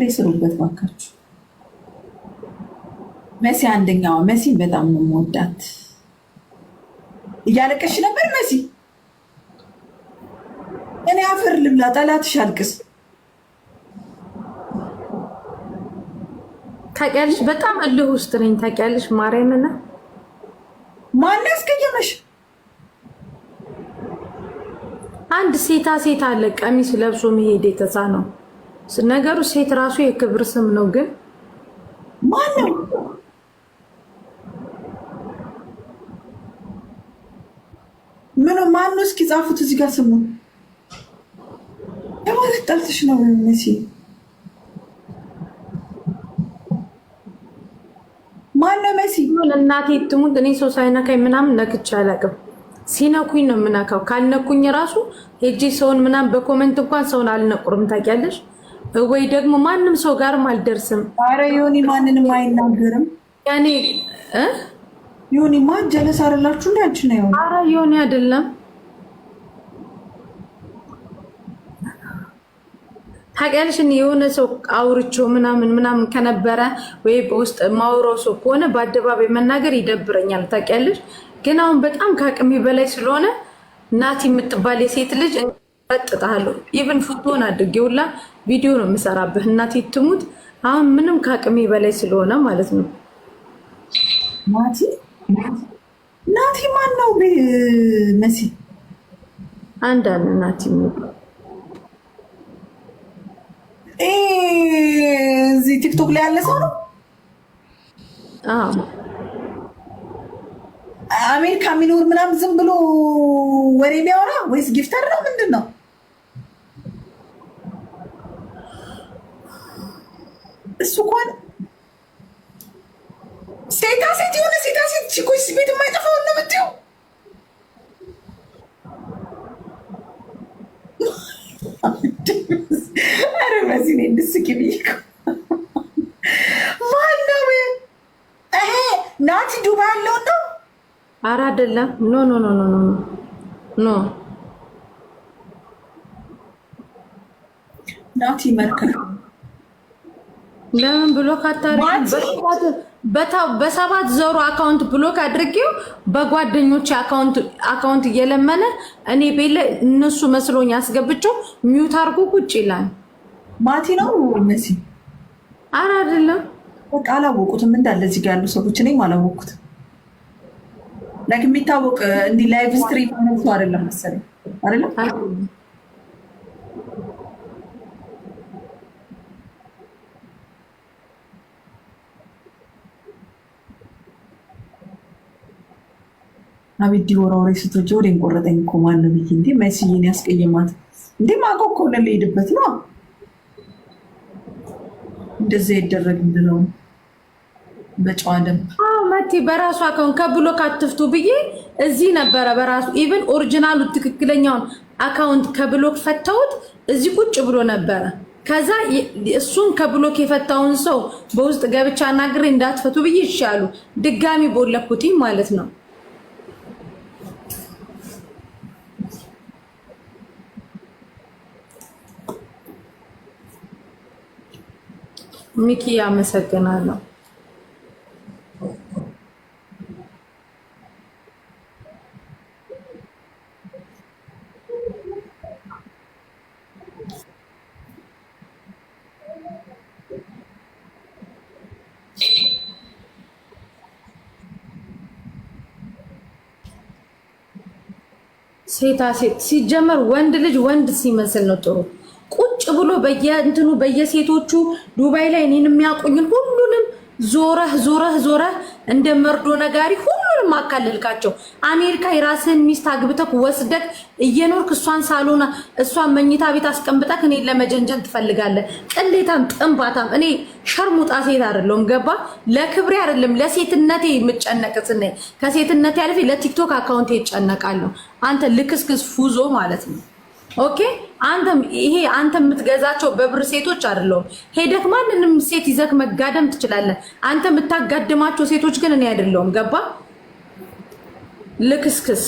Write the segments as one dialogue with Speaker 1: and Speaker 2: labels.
Speaker 1: ላይ ስሩበት ባካችሁ። መሲ አንደኛዋ መሲ በጣም ነው የምወዳት። እያለቀሽ ነበር መሲ። እኔ አፈር ልብላ፣ ጠላትሽ አልቅስ።
Speaker 2: ታውቂያለሽ፣ በጣም እልህ ውስጥ ነኝ። ታውቂያለሽ፣ ማርያምና
Speaker 1: ማን ያስቀየመሽ?
Speaker 2: አንድ ሴታ ሴት አለ ቀሚስ ለብሶ መሄድ የተሳ ነው ነገሩ ሴት ራሱ የክብር ስም ነው። ግን
Speaker 1: ማነው ምን ማነው? እስኪ ጻፉት እዚህ ጋር ስሙ። የማለት ጠልትሽ ነው መሲ ማነው? መሲ
Speaker 2: እናቴ ትሙት። እኔ ሰው ሳይነካኝ ምናምን ነክቼ አላውቅም። ሲነኩኝ ነው የምናካው። ካልነኩኝ ራሱ ሄጄ ሰውን ምናምን በኮመንት እንኳን ሰውን አልነቁርም። ታውቂያለሽ ወይ ደግሞ ማንም ሰው ጋርም አልደርስም።
Speaker 1: አረ ዮኒ ማንንም አይናገርም። ያኔ ዮኒ ማን ጀለስ አረላችሁ እንዳንች ነው።
Speaker 2: አረ ዮኒ አይደለም ታውቂያለሽ። የሆነ ሰው አውርቼው ምናምን ምናምን ከነበረ ወይ በውስጥ ማውራው ሰው ከሆነ በአደባባይ መናገር ይደብረኛል። ታውቂያለሽ። ግን አሁን በጣም ከአቅሜ በላይ ስለሆነ ናት የምትባል የሴት ልጅ ቀጥታለሁ ኢቭን ፎቶን አድርጌውላ ቪዲዮ ነው የምሰራብህ። እናቴ ትሙት አሁን ምንም ከአቅሜ በላይ ስለሆነ ማለት ነው።
Speaker 1: ናቲ ናቲ ማን ነው መሲ?
Speaker 2: አንዳንድ ናቲ
Speaker 1: እዚህ ቲክቶክ ላይ ያለ ሰው ነው። አሜሪካ የሚኖር ምናምን ዝም ብሎ ወሬ የሚያወራ ወይስ ጊፍተር ነው ምንድን ነው? እሱ ከሆነ ሴታ ሴት የሆነ ሴታ ሴት ችኮች ቤት የማይጠፋው ነው ምትው አረ በዚህ እኔ እንድስቂ ብዬሽ እኮ ማነው ይሄ? ናቲ ዱባ ያለው ነው?
Speaker 2: ኧረ አደለም ኖ ኖ ኖ ኖ ኖ
Speaker 1: ናቲ መርከብ
Speaker 2: ለምን ብሎክ
Speaker 1: አታደርጊው?
Speaker 2: በሰባት ዘሩ አካውንት ብሎክ አድርጌው በጓደኞች አካውንት እየለመነ እኔ ቤለ እነሱ መስሎኝ አስገብቼው ሚውት አድርጎ ቁጭ ይላል።
Speaker 1: ማቲ ነው እነዚህ። ኧረ አይደለም፣ በቃ አላወቁትም እንዳለ እዚህ ጋ ያሉ ሰዎች እኔም አላወቁትም። ላይክ የሚታወቅ እንዲህ ላይቭ ስትሪም አይነት አይደለም መሰለኝ አይደለም አቤት ዲቦራ ስቶች ስትወጪ ወሬን ቆረጠኝ እኮ ማነው ብዬሽ እንደ መሲዬን ያስቀየማት እንደ ማቆ እኮ ነው ልሄድበት ነው እንደዛ ይደረግ ብለው በጨዋ ደንብ
Speaker 2: መቴ በራሱ አካውንት ከብሎ ካትፍቱ ብዬ እዚህ ነበረ። በራሱ ኢቨን ኦሪጂናሉ ትክክለኛውን አካውንት ከብሎክ ፈተውት እዚህ ቁጭ ብሎ ነበረ። ከዛ እሱን ከብሎክ የፈታውን ሰው በውስጥ ገብቻ አናግሬ እንዳትፈቱ ብዬ ይሻሉ ድጋሚ ቦለኩትኝ ማለት ነው። ሚኪ አመሰግናለሁ። ሴታ ሴት ሲጀመር ወንድ ልጅ ወንድ ሲመስል ነው ጥሩ ብሎ በየእንትኑ በየሴቶቹ ዱባይ ላይ እኔን የሚያውቁኝን ሁሉንም ዞረህ ዞረህ ዞረህ እንደ መርዶ ነጋሪ ሁሉንም አካለልካቸው። አሜሪካ የራስህን ሚስት አግብተክ ወስደክ እየኖርክ እሷን ሳሎና እሷን መኝታ ቤት አስቀምጠክ እኔን ለመጀንጀን ትፈልጋለህ። ቅሌታም ጥንባታም። እኔ ሸርሙጣ ሴት አይደለሁም። ገባ? ለክብሬ አይደለም ለሴትነቴ የምጨነቅ ስነ ከሴትነቴ አልፌ ለቲክቶክ አካውንቴ ይጨነቃለሁ። አንተ ልክስክስ ፉዞ ማለት ነው። ኦኬ አንተም ይሄ አንተ የምትገዛቸው በብር ሴቶች አይደለሁም። ሄደክ ማንንም ሴት ይዘክ መጋደም ትችላለህ። አንተ የምታጋድማቸው ሴቶች ግን እኔ አይደለሁም። ገባ ልክስክስ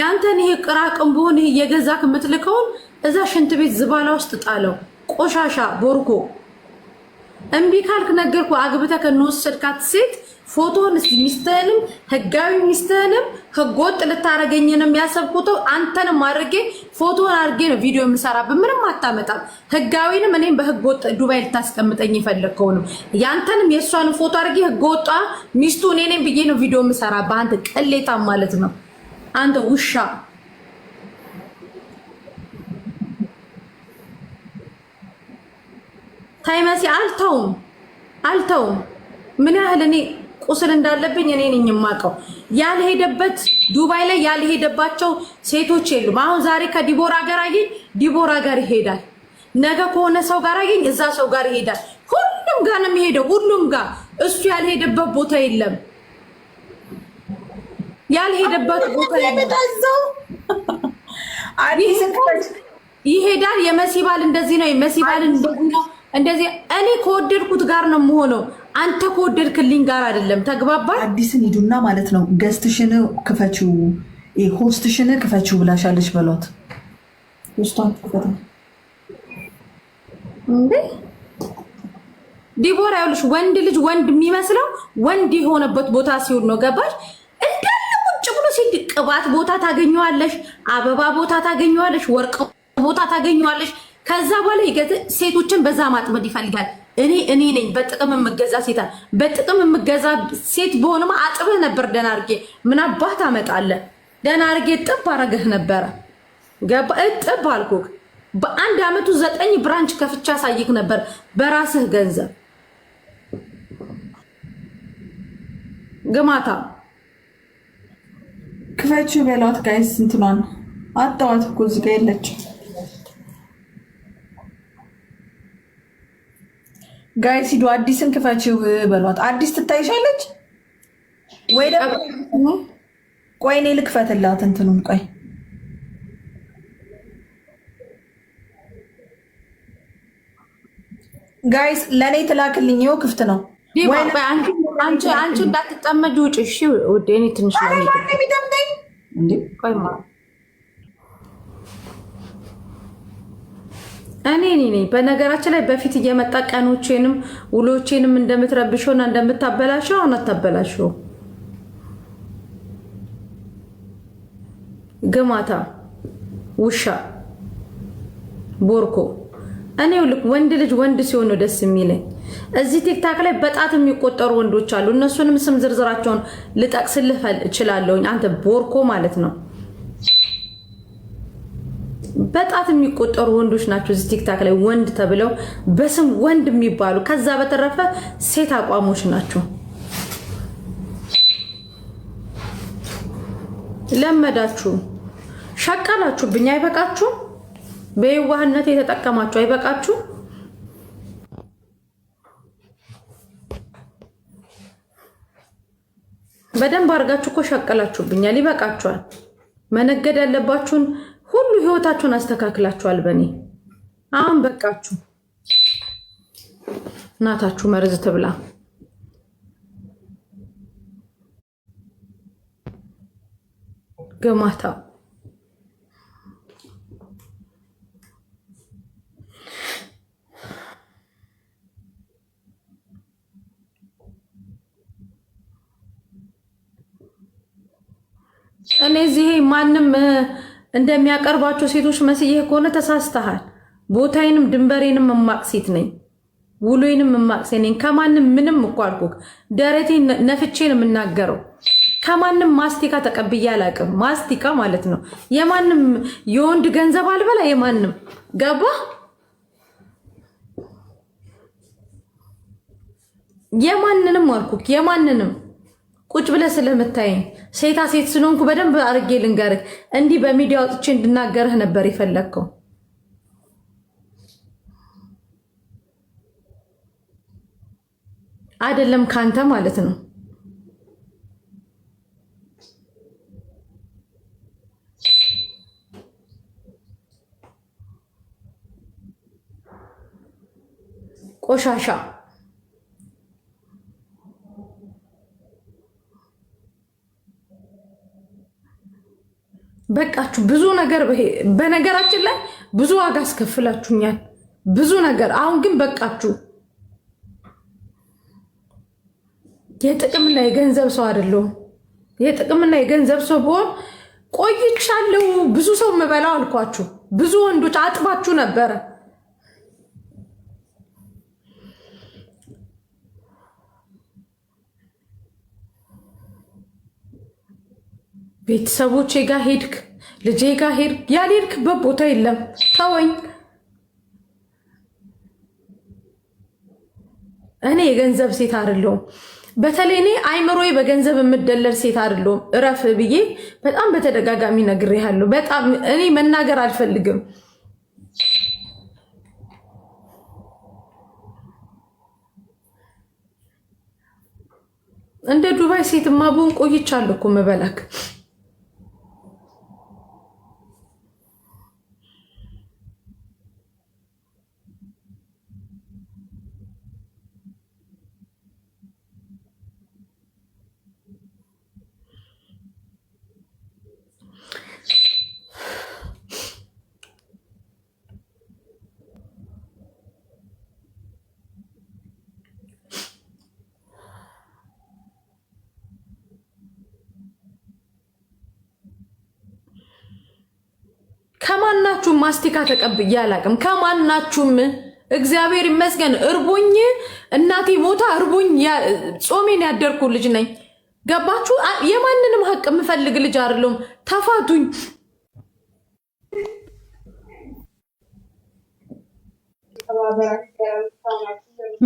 Speaker 2: ያንተን ይሄ ቅራቅንቦን ይሄ የገዛክ የምትልከውን እዛ ሽንት ቤት ዝባላ ውስጥ ጣለው። ቆሻሻ ቦርኮ እምቢ ካልክ ነገርኩህ። አግብተህ ከነወሰድካት ሴት ፎቶን እስቲ ሚስትህንም ህጋዊ ሚስትህንም ህገወጥ ልታረገኝ ነው የሚያሰብኩት። አንተንም አድርጌ ፎቶን አድርጌ ነው ቪዲዮ የምሰራብህ። ምንም አታመጣም። ህጋዊንም እኔም በህገወጥ ዱባይ ልታስቀምጠኝ የፈለግከውንም ያንተንም የእሷንም ፎቶ አድርጌ ህገወጧ ሚስቱ እኔ ነኝ ብዬ ነው ቪዲዮ የምሰራብህ። አንተ ቅሌታ ማለት ነው። አንተ ውሻ ታይመሲ። አልተውም አልተውም። ምን ያህል እኔ ቁስል እንዳለብኝ እኔ ነኝ የማውቀው። ያልሄደበት ዱባይ ላይ ያልሄደባቸው ሴቶች የሉም። አሁን ዛሬ ከዲቦራ ጋር አየኝ፣ ዲቦራ ጋር ይሄዳል። ነገ ከሆነ ሰው ጋር አየኝ፣ እዛ ሰው ጋር ይሄዳል። ሁሉም ጋር ነው የሚሄደው፣ ሁሉም ጋር እሱ ያልሄደበት ቦታ የለም። ያልሄደበት
Speaker 1: ቦታ የምታዘው
Speaker 2: ይሄዳል። የመሲባል እንደዚህ ነው፣ የመሲባል እንደዚህ ነው። እንደዚህ እኔ ከወደድኩት ጋር ነው የምሆነው አንተ ከወደድክልኝ ጋር አይደለም ተግባባል።
Speaker 1: አዲስን ሂዱና ማለት ነው ገስትሽን ክፈችው ሆስትሽን ክፈችው ብላሻለች በሏት።
Speaker 2: ዲቦራ ያውልሽ ወንድ ልጅ ወንድ የሚመስለው ወንድ የሆነበት ቦታ ሲሆን ነው። ገባሽ? እንዳለ ቁጭ ብሎ ሲል ቅባት ቦታ ታገኘዋለሽ፣ አበባ ቦታ ታገኘዋለሽ፣ ወርቅ ቦታ ታገኘዋለሽ። ከዛ በኋላ ሴቶችን በዛ ማጥመድ ይፈልጋል። እኔ እኔ ነኝ በጥቅም የምገዛ ሴት በጥቅም የምገዛ ሴት በሆንማ አጥብህ ነበር። ደህና አድርጌ ምን አባት አመጣለ? ደህና አድርጌ ጥብ አረገህ ነበረ። ገባ እጥብ አልኩህ። በአንድ አመቱ ዘጠኝ ብራንች ከፍቻ አሳይክ ነበር በራስህ ገንዘብ ግማታ
Speaker 1: ክፈችው በሏት ጋይስ ስንትኗን አጣዋት እኮ እዚህ ጋ የለችም። ጋይ ሲዱ አዲስን ክፈችው በሏት። አዲስ ትታይሻለች ወይ ደግሞ ቆይ እኔ ልክፈትላት እንትኑን ቆይ ጋይስ ለእኔ ትላክልኝ። ይኸው ክፍት ነው።
Speaker 2: አንቺ እንዳትጠመድ ውጭ። እሺ ውዴ እኔ ትንሽ ነው ቆይማ እኔ እኔ ነኝ። በነገራችን ላይ በፊት እየመጣ ቀኖቼንም ውሎቼንም እንደምትረብሸውና እንደምታበላሸው አሁን አታበላሸው። ግማታ ውሻ ቦርኮ። እኔ ልክ ወንድ ልጅ ወንድ ሲሆን ነው ደስ የሚለኝ። እዚህ ቲክታክ ላይ በጣት የሚቆጠሩ ወንዶች አሉ። እነሱንም ስም ዝርዝራቸውን ልጠቅስልህ እችላለሁኝ። አንተ ቦርኮ ማለት ነው በጣት የሚቆጠሩ ወንዶች ናቸው እዚህ ቲክታክ ላይ ወንድ ተብለው በስም ወንድ የሚባሉ። ከዛ በተረፈ ሴት አቋሞች ናቸው። ለመዳችሁ፣ ሸቀላችሁብኝ። አይበቃችሁ? በየዋህነት የተጠቀማችሁ አይበቃችሁ? በደንብ አድርጋችሁ እኮ ሸቀላችሁብኛል። ይበቃችኋል። መነገድ ያለባችሁን ህይወታችሁን አስተካክላችኋል። በእኔ አሁን በቃችሁ። እናታችሁ መርዝ ትብላ። ገማታ እኔ እዚህ ማንም እንደሚያቀርባቸው ሴቶች መስዬህ ከሆነ ተሳስተሃል። ቦታዬንም ድንበሬንም እማቅ ሴት ነኝ፣ ውሎዬንም እማቅ ሴት ነኝ። ከማንም ምንም እኮ አልኩህ፣ ደረቴን ነፍቼን የምናገረው ከማንም ማስቲካ ተቀብዬ አላቅም ማስቲካ ማለት ነው የማንም የወንድ ገንዘብ አልበላ የማንም ገባ የማንንም አልኩክ የማንንም ቁጭ ብለህ ስለምታየኝ ሴታ ሴት ስለሆንኩ በደንብ አርጌ ልንገርህ። እንዲህ በሚዲያ ወጥቼ እንድናገርህ ነበር የፈለግከው። አይደለም ከአንተ ማለት ነው። ቆሻሻ በቃችሁ። ብዙ ነገር በነገራችን ላይ ብዙ ዋጋ አስከፍላችሁኛል። ብዙ ነገር አሁን ግን በቃችሁ። የጥቅምና የገንዘብ ሰው አይደለሁም። የጥቅምና የገንዘብ ሰው ብሆን ቆይቻለሁ። ብዙ ሰው የምበላው አልኳችሁ። ብዙ ወንዶች አጥባችሁ ነበረ። ቤተሰቦቼ ጋር ሄድክ፣ ልጄ ጋር ሄድክ፣ ያልሄድክበት ቦታ የለም። ተወኝ። እኔ የገንዘብ ሴት አይደለሁም። በተለይ እኔ አይምሮዬ በገንዘብ የምደለል ሴት አይደለሁም። እረፍ ብዬ በጣም በተደጋጋሚ ነግሬሃለሁ። በጣም እኔ መናገር አልፈልግም። እንደ ዱባይ ሴት ማቦን ቆይቻለሁ እኮ መበላክ ከማናችሁም ማስቲካ ተቀብዬ አላቅም። ከማናችሁም እግዚአብሔር ይመስገን እርቦኝ እናቴ ሞታ እርቦኝ ጾሜን ያደርኩ ልጅ ነኝ። ገባችሁ? የማንንም ሀቅ የምፈልግ ልጅ አይደለሁም። ተፋቱኝ።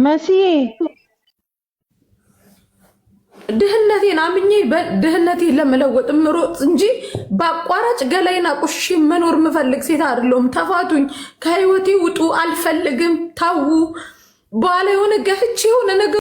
Speaker 2: መሲዬ ድህነቴን አምኜ ድህነቴ ለመለወጥ ምሮጥ እንጂ በአቋራጭ ገላይና ቁሽ መኖር ምፈልግ ሴት አይደለሁም። ተፋቱኝ፣ ከህይወቴ ውጡ፣ አልፈልግም፣ ታዉ በኋላ የሆነ ገፍቼ የሆነ ነገር